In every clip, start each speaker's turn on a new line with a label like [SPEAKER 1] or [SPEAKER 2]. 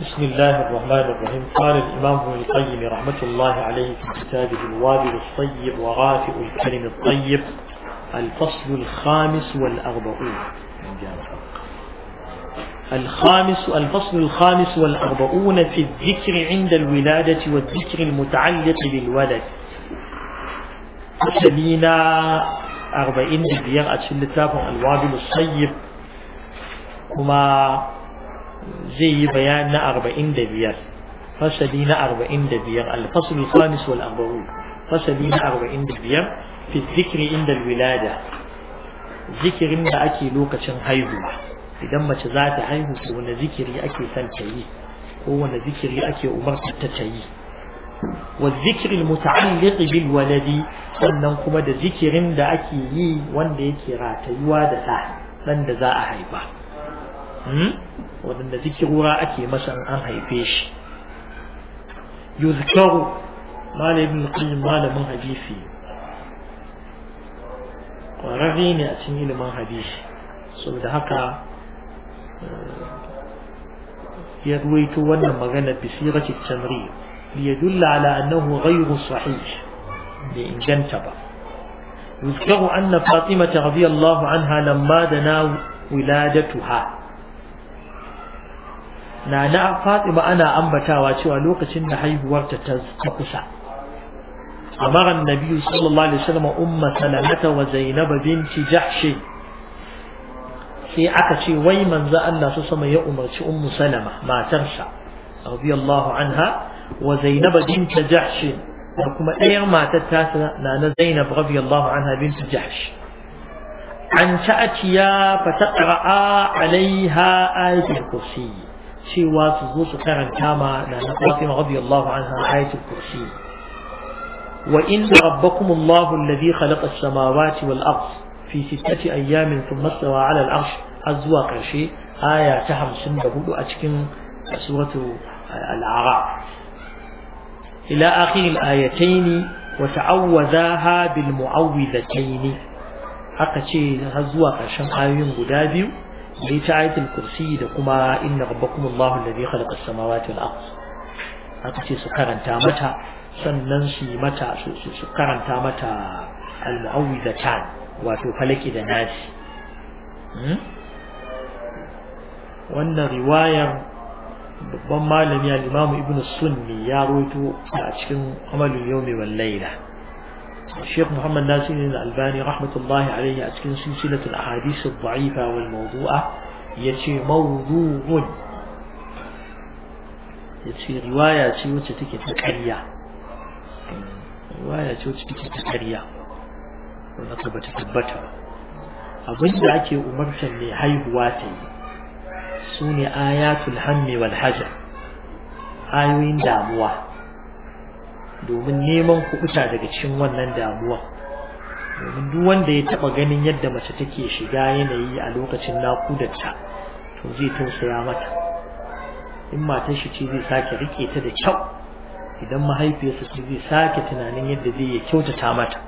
[SPEAKER 1] بسم الله الرحمن الرحيم قال الإمام ابن القيم رحمة الله عليه في كتابه الوابل الطيب وغافئ الكلم الطيب الفصل الخامس والأربعون الخامس الفصل الخامس والأربعون في الذكر عند الولادة والذكر المتعلق بالولد سمينا أربعين بيار أتشل الوابل الطيب وما zai yi bayan na arba'in da biyar fasali na arba'in da biyar alfasul khamis wal arba'un fasali na arba'in da biyar fi zikiri inda wilada zikirin da ake lokacin haihuwa idan mace za ta haihu to wani zikiri ake son ta yi zikiri ake umarta ta ta yi والذكر المتعلق بالولد sannan kuma da zikirin da ake yi wanda yake ratayuwa da ɗa ɗan da za a haifa waɗanda zikirura ake masa an haife shi yuzkaru malamin qayyim malamin hadisi kwararre ne a cikin ilimin hadisi saboda haka ya ruwaito wannan magana bisirati tamri ليدل على أنه غير صحيح لإنجنتبا يذكر أن فاطمة رضي الله عنها لما دنا ولادتها na na fatima ana ambatawa cewa lokacin da haihuwarta ta kusa amara annabi sallallahu alaihi wasallam umma salamata wa zainab binti jahsh sai aka ce wai manzo Allah su sama ya umarci ummu salama matarsa radiyallahu anha wa zainab binti jahsh da kuma ɗayar matar tasa na na zainab radiyallahu anha binti jahsh an ta'atiya fa taqra'a alaiha ayatul kursiyyi شيء واسس نص كان كما فاطمة رضي الله عنها آية الكرسي وإن ربكم الله الذي خلق السماوات والأرض في ستة أيام ثم استوى على العرش أزوا شيء آية تهم سنة هدو أتكن سورة الأعراف إلى آخر الآيتين وتعوذاها بالمعوذتين أقتي هزوا قرشي آيون غدادي da ita ayatul kursi da kuma inna rabbakum Allahu alladhi khalaqa as-samawati wal ard aka ce su karanta mata sannan su yi mata su karanta mata al-mu'awwidatan wato falaki da nasi hmm? wannan riwayar babban malami al-imamu ibnu sunni ya roto a cikin amalin yawmi wal الشيخ محمد ناصر الألباني رحمة الله عليه أتكن سلسلة الأحاديث الضعيفة والموضوعة يتي موضوع يتي رواية تي وتتكي تكريا رواية تي وتتكي تكريا ونطبة تثبتها أظن ذاك أمرت لهاي هواتي سوني آيات الهم والحزن آيوين داموه domin neman kuɓuta daga cikin wannan damuwa domin duk wanda ya taɓa ganin yadda mace take shiga yanayi a lokacin nakudarta to zai tausaya mata in matar shi ce zai sake rike ta da kyau idan mahaifiyarsa ce zai sake tunanin yadda zai ya kyautata mata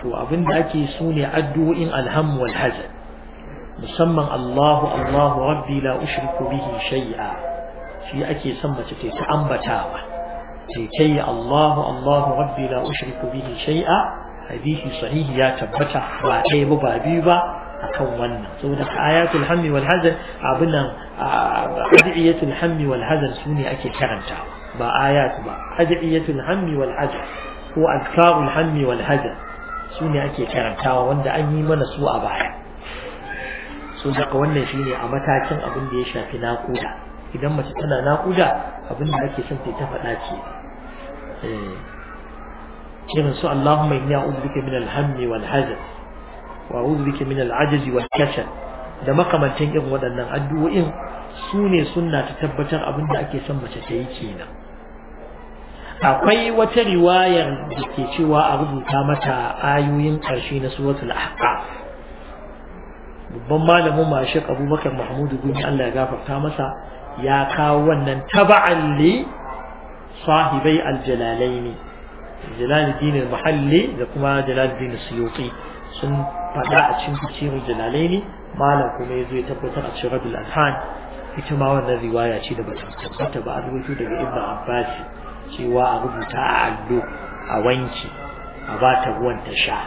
[SPEAKER 1] to abin da ake su ne addu'o'in alham wal musamman Allahu Allahu rabbi la ushriku bihi shay'a shi ake son mace ta ta ambatawa ce kai Allahu Allahu rabbi la ushriku bihi shay'a hadisi sahihi ya tabbata ba ɗaya ba ba biyu ba akan wannan saboda ayatul hammi wal hazan abin nan adiyatul hammi wal hazan sune ake karanta ba ayat ba adiyatul hammi wal hazan ko azkarul hammi wal hazan sune ake karantawa wanda an yi mana su a baya so daga wannan shine a matakin abin da ya shafi naƙuda idan mace tana naƙuda abin da ake son ta faɗa ce eh. irin su Allahumma inni a'udhu bika min al-hammi wal hazan wa a'udhu bika min al-'ajzi wal kasal da makamantan irin waɗannan addu'o'in su ne sunna ta tabbatar abin da ake son mace ta yi kenan akwai wata riwayar da ke cewa a rubuta mata ayoyin ƙarshe na suratul ahqaf babban malamin mashik abubakar mahmudu gumi allah ya gafarta masa ya kawo wannan taba'an li sahibai ne. jalaluddin al da kuma jalaluddin suyuti sun faɗa a cikin jalalai ne. malam kuma ya zo ya tabbatar a cikin radul alhan ita ma wannan riwaya ce da bata tabbata ba a rubutu daga ibnu abbas cewa a rubuta a allo a wanki a ba ta ruwan ta sha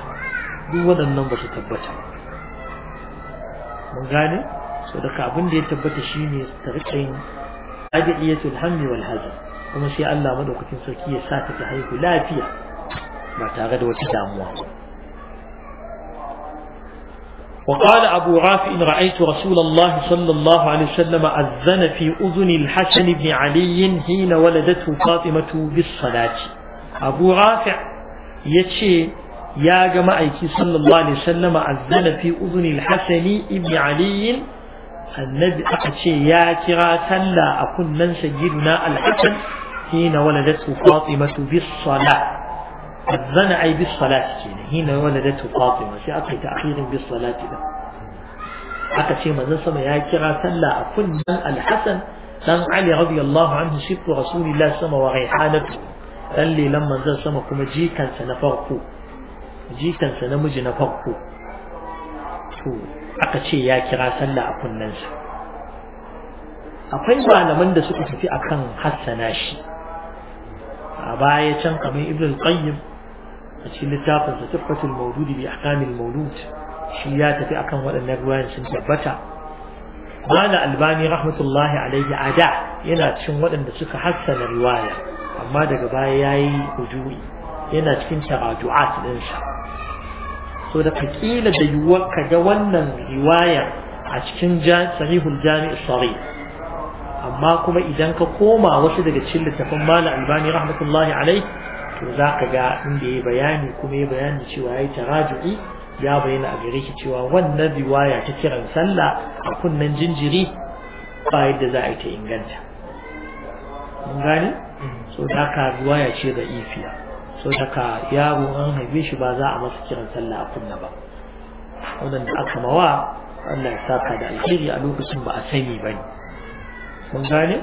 [SPEAKER 1] duk waɗannan ba su tabbata mun gane صدق daga دي تبت شيني tabbata أدعية tarqin adiyatul وما شاء الله kuma sai Allah madaukakin لا فيها ما تغدو haihu وقال أبو رافع رأيت رسول الله صلى الله عليه وسلم أذن في أذن الحسن بن علي حين ولدته فاطمة بالصلاة أبو رافع يتشي يا جماعة صلى الله عليه وسلم أذن في أذن الحسن بن علي النبي aka يا كرا تلا أكون من kunnan الحسن al ولدته فاطمة بالصلاة fatimatu أذن أي بالصلاة حين هنا ولدته فاطمة شيء تأخير بالصلاة ده حتى من نسمى يا كرا تلا أكون الحسن لن علي رضي الله عنه شبت رسول الله سما وريحانته قال لي لما نزل سما كما جيكا سنفرقو جيكا سنمج نفرقو to aka ce ya kira sallah a sa. akwai malaman da suka tafi akan hassana shi a baya can kamar ibn qayyim a cikin littafin sa sifatul mawlud bi mawlud shi ya tafi akan waɗannan ruwayan sun tabbata mala albani rahmatullahi alaihi ada yana cikin waɗanda suka hassana riwaya amma daga baya yayi hujui yana cikin tarajuat ɗinsa so da kila da yiwuwar ka ga wannan riwaya a cikin sahihul jami'i sari amma kuma idan ka koma wasu daga cikin littafin mala albani rahmatullahi alai to za ka ga inda ya bayani kuma ya bayani cewa ya yi taraju'i ya bayyana a gare shi cewa wannan riwaya ta kiran sallah a kunnen jinjiri ba yadda za a yi ta inganta mun gane mm. so da haka riwaya ce da ifiya sau taka yaro an haife shi ba za a masu kiran sallah a kunna ba wadanda aka mawa allah saka da alkhairi a lokacin ba a sani ba ne mun gane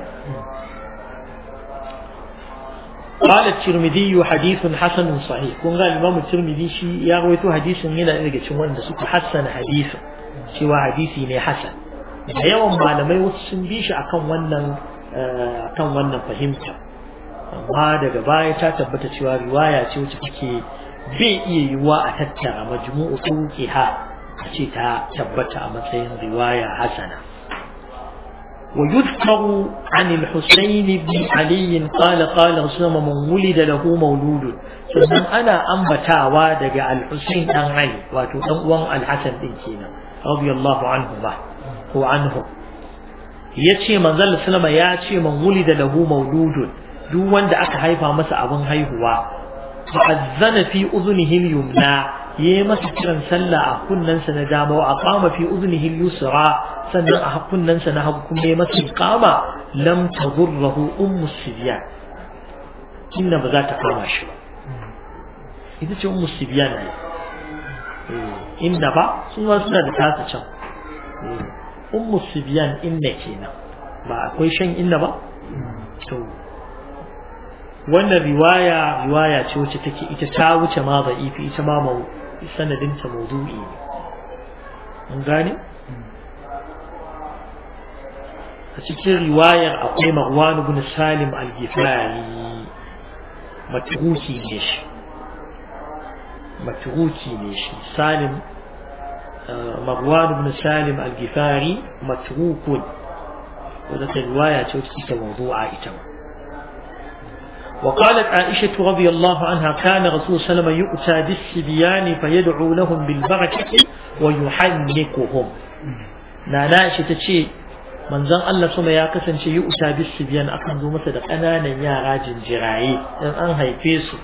[SPEAKER 1] qala tirmidhi hadithun hasanun sahih kun ga imam tirmidhi shi ya rawaito hadisin yana daga cin wanda suka hasana hadisi cewa hadisi ne hasan da yawan malamai wasu sun bi shi akan eh, akan wannan fahimta amma daga baya ta tabbata cewa riwaya ce wacce take bai iya yiwuwa a tattara majmu'u tuqiha a ce ta tabbata a matsayin riwaya hasana ويذكر عن الحسين بن علي قال قال صلى من ولد له مولود sannan ana ambatawa daga al-Husayn dan Ali wato dan uwan al-Hasan din kenan radiyallahu anhu ba ko anhu yace manzal ya ce man wulida lahu mauludun duk wanda aka haifa masa abin haihuwa fa'azzana fi uzunihim yumna yayi masa kiran sallah a kunnansa na dama wa aqama fi uzunihim yusra sannan a kunnansa na hagu kuma ya masa iqama lam tadurruhu ummu sibyan inna ba za ta kama shi ba ita ce ummu sibyan ne eh, inda ba sun ma suna da tasa can eh, ummu sibyan inna kenan ba akwai shan inna ba to wanda riwaya riwaya ce wacce take ita ta wuce ma ba ifi ita ma mau sanadin ta mawdu'i ne an gane a cikin riwayar akwai Marwan ibn Salim al gifari matruki ne shi matruki ne shi Salim Marwan ibn Salim al-Ghifari matrukun wadda riwaya ce wacce take mawdu'a ita ma وقالت عائشة رضي الله عنها كان رسول صلى الله عليه وسلم يؤتى بالسبيان فيدعو لهم بالبركة ويحنكهم نانا عائشة تشي من زن الله سما يا كسن شي يؤتى بالسبيان أكن زو مثلا أنا نيا راجن جراعي أن أنهي فيسو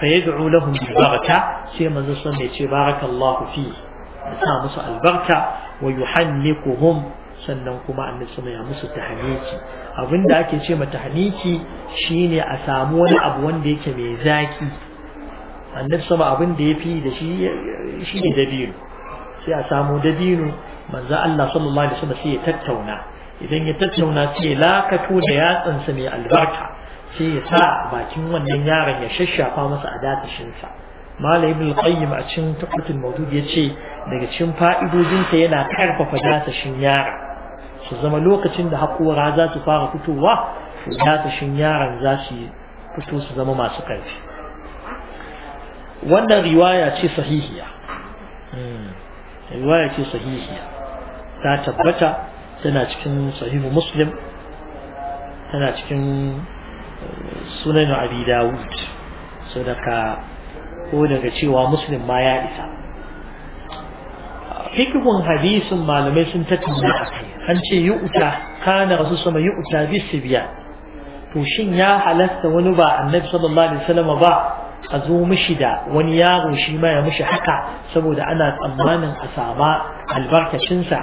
[SPEAKER 1] فيدعو لهم بالبركة شي من زن سما بارك الله فيه سامس البركة ويحنكهم sannan kuma annabi sama ya musu tahniki abinda ake ce ma tahniki shine a samu wani abu wanda yake mai zaki annabi sama abin da yafi da shi shine dabino sai a samu dabino manzo Allah sallallahu alaihi wasallam sai ya tattauna idan ya tattauna sai ya lakato da sa mai albarka sai ya sa bakin wannan yaron ya shashafa masa a datashinsa malam ibn qayyim a cikin tuqatul mawdud yace daga cikin fa'idojinsa yana karfafa datashin yaron su zama lokacin da haƙora za su fara fitowa ta dasashin yaran za su fito su zama masu ƙarfi wannan riwaya ce sahihiya hmm. riwaya ce sahihiya ta tabbata tana cikin sahihu muslim tana cikin eh, sunan abi dawud so daga ko daga cewa muslim ma ya isa hadisin malamai sun tattauna a kai an ce uta kana rasu sama uta bi biya to shin ya halatta wani ba annabi sallallahu alaihi wasallam ba a zo mishi da wani yaro shi ma ya mishi haka saboda ana tsammanin a sama albarkacinsa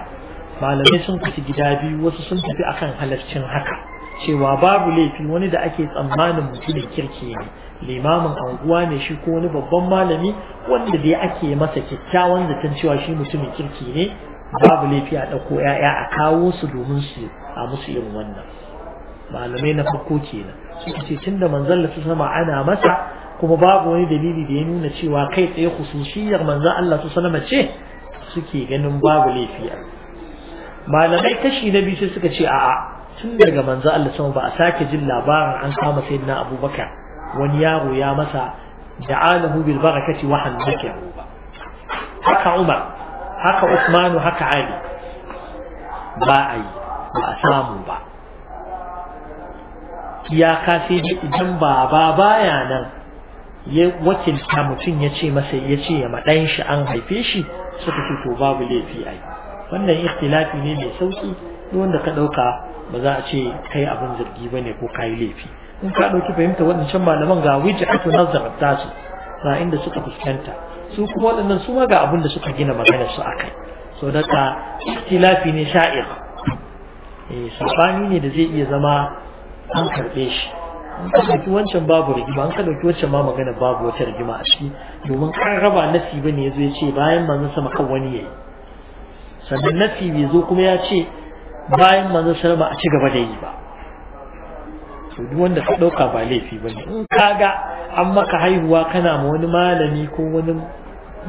[SPEAKER 1] malamai sun kasu gida biyu wasu sun tafi akan halarcin haka cewa babu laifi wani da ake tsammanin mutumin kirki ne limamin anguwa ne shi ko wani babban malami wanda dai ake masa kyakkyawan zaton cewa shi mutumin kirki ne babu laifi a ɗauko ‘ya'ya a kawo su domin su a musu irin wannan malamai na farko kenan suke ce tun da manzon lasu sama ana masa kuma babu wani dalili da ya nuna cewa kai tsaye khususiyar manzon Allah su sanama ce suke ganin babu laifi a malamai kashi na biyu sai suka ce a'a tun daga manzon Allah sama ba a sake jin labarin an kama sayyidina Abubakar wani yaro ya masa da'alahu bil barakati wa hannaka haka Umar haka usmanu haka ali ba a yi ba a samu ba ya kafi idan idan baba baya nan ya wakilta mutum ya ce masa ya ce ya maɗan shi an haife shi suka ce babu laifi a yi wannan ikhtilafi ne mai sauki wanda ka ɗauka ba za a ce kai abin zargi ba ne ko kayi laifi in ka ɗauki fahimta waɗancan malaman ga a ake nazarar tasu ba inda suka fuskanta su kuma waɗannan su ma ga abin da suka gina maganar su akai so daga ikhtilafi ne sha'ir eh sabani ne da zai iya zama an karbe shi an ka wancan babu rigima an ka dauki wancan ma magana babu wata rigima a ciki domin kan raba nasi bane yazo ya ce bayan manzon sama kan wani yayi sannan nasi bai zo kuma ya ce bayan manzon sama a ci gaba da yi ba to duk wanda ka dauka ba laifi bane in ga an maka haihuwa kana ma wani malami ko wani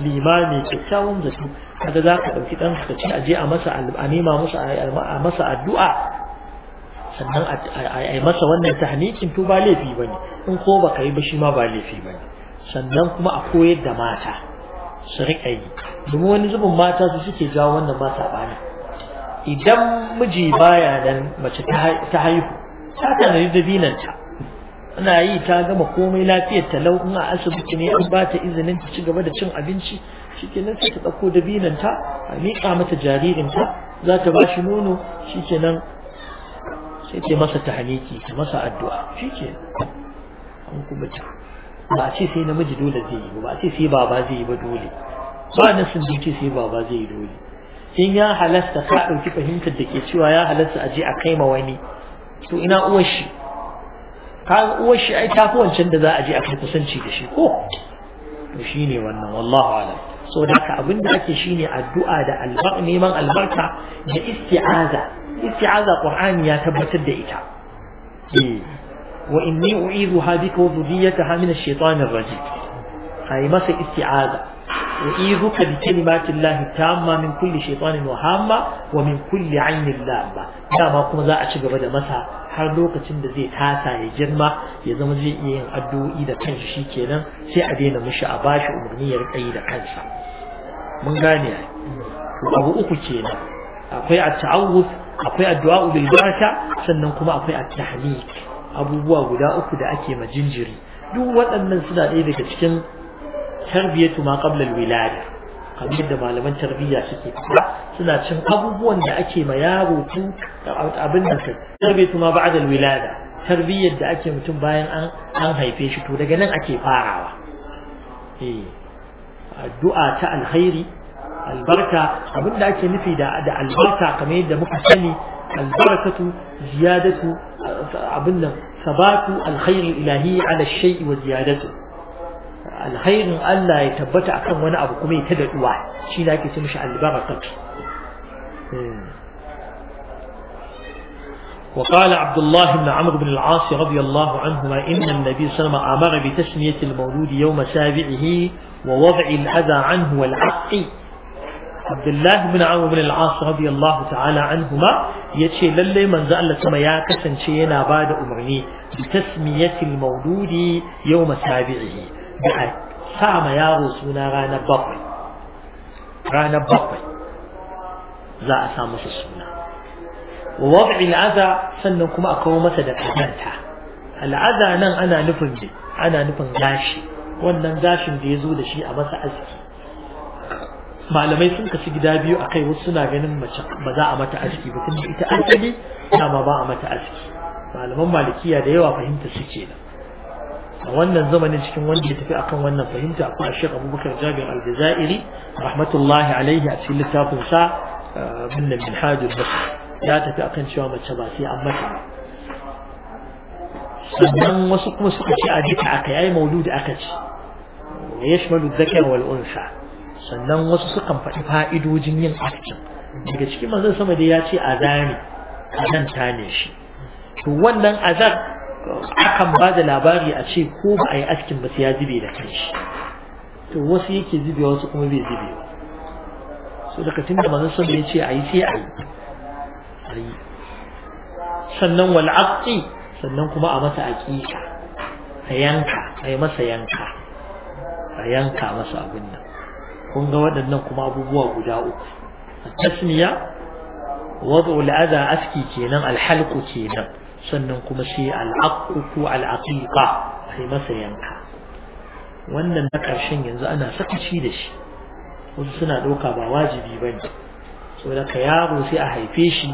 [SPEAKER 1] limami kyakkyawan zato kada za ka ɗauki ɗan ka ce a je a masa a nema masa a masa addu'a sannan a yi masa wannan tahnikin to ba laifi ba ne in ko ba ka yi ba shi ma ba laifi ba ne sannan kuma a koyar da mata su riƙa yi domin wani zubin mata su suke jawo wannan mata bani idan miji baya nan mace ta haihu ta da dabinanta ana yi ta gama komai lafiyar ta lau in a asibiti ne an ba ta izinin ta ci gaba da cin abinci shikenan sai ta ɗauko dabinan ta a miƙa mata jaririn ta za ta ba shi nono shikenan sai ta masa tahniki ta masa addu'a shikenan an kuma ta ba a ce sai namiji dole zai yi ba a ce sai baba zai yi ba dole ba na sun ce sai baba zai yi dole in ya halasta ka ɗauki fahimtar da ke cewa ya halasta a je a kai ma wani to ina uwar shi kaga uwar shi ai tafi wancan da za a je a kai kusanci da shi ko to shine wannan wallahu alam so da haka abin da ake shine addu'a da albarka neman albarka da isti'aza isti'aza qur'ani ya tabbatar da ita eh. wa inni u'idhuha bika wa dhurriyyataha min ash-shaytanir rajim masa isti'aza أعيذك بكلمات الله التامة من كل شيطان وهامة ومن كل عين لامة kuma ما كما ci gaba da masa har lokacin da zai tasa ya girma ya zama zai iya yin addu'o'i da kansa shi kenan sai a daina mishi a bashi umarni ya da kansa mun gane to abu uku kenan akwai at-ta'awuz akwai addu'a bil barka sannan kuma akwai at-tahmid abubuwa guda uku da ake ma jinjiri duk waɗannan suna ɗaya daga cikin tarbiyatu ma qabla al kamar yadda malaman tarbiyya suke suna cin abubuwan da ake ma yaro tun abin da tarbiyatu ma ba'da tarbiyyar da ake mutum bayan an an haife shi to daga nan ake farawa eh addu'a ta alkhairi albarka abinda ake nufi da da albarka kamar yadda muka sani albarakatu ziyadatu abin nan sabatu alkhairi ilahi ala shay'i wa ziyadatu alkhairin Allah ya tabbata akan wani abu kuma ya ta daɗuwa shi na ke ce mishi albarakatu وقال عبد الله بن عمرو بن العاص رضي الله عنهما إن النبي صلى الله عليه وسلم أمر بتسمية المولود يوم سابعه ووضع الأذى عنه والعق عبد الله بن عمرو بن العاص رضي الله تعالى عنهما يتشي للي من زال سما يا كسن بعد أمرني بتسمية المولود يوم سابعه da a sa ma yaro suna ranar bakwai ranar bakwai za a sa masa suna wa wad'il sannan kuma a kawo masa da kazanta al'aza nan ana nufin ana nufin gashi wannan gashin da ya zo da shi a masa aski malamai sun kasu gida biyu akai wasu suna ganin mace ba za a mata aski ba da ita asali dama ba a mata aski malaman malikiya da yawa fahimta su kenan a wannan zamanin cikin wanda ya tafi akan wannan fahimta akwai Sheikh Abubakar Jabir Al-Jazairi rahmatullahi alaihi a cikin littafin sa eh, bin Minhajul Basir ya tafi akan cewa mace ba sai an mata sannan wasu kuma suka ce a duka aka yayi mauludi aka ce ya yashmalu dhakar wal unsa sannan wasu sukan faɗi fa'idojin yin askin daga cikin manzon sama da ya ce azami azan ta shi to wannan azar akan ba da labari a ce ko ba a yi askin ba sai ya zube da kanshi to wasu yake zube wasu kuma bai zube ba so daga tun da manzon sun ce a yi sai a yi sannan wal aqi sannan kuma a masa aqiqa a yanka a yi masa yanka a yanka masa abin nan kun ga waɗannan kuma abubuwa guda uku a tasmiya wadda al aski kenan alhalku kenan sannan kuma sai al'aqu ko al'aqiqa sai masa yanka wannan na ƙarshen yanzu ana sakaci da shi wasu suna ɗauka ba wajibi ba ne saboda ka yaro sai a haife shi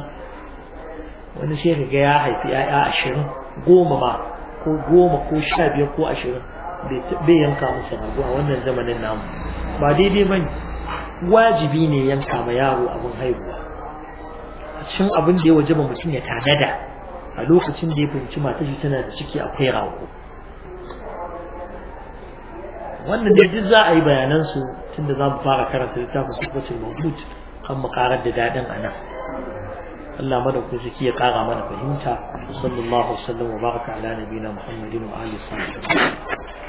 [SPEAKER 1] wani sai ka ga ya haifi ‘ya'ya ashirin goma ba ko goma ko sha biyar ko ashirin bai yanka masa rago a wannan zamanin namu ba daidai ba wajibi ne yanka ma yaro abin haihuwa a cikin abin da ya waje ba mutum ya tanada a lokacin da ya fahimci mata shi tana da ciki akwai rako wannan dai duk za a yi bayanan su tunda za mu fara karanta littafin sukwatin mawdud kan mu da daɗin a nan da madaukakin sarki ya kara mana fahimta sallallahu alaihi wasallam wa baraka ala nabiyina muhammadin wa alihi wa sahbihi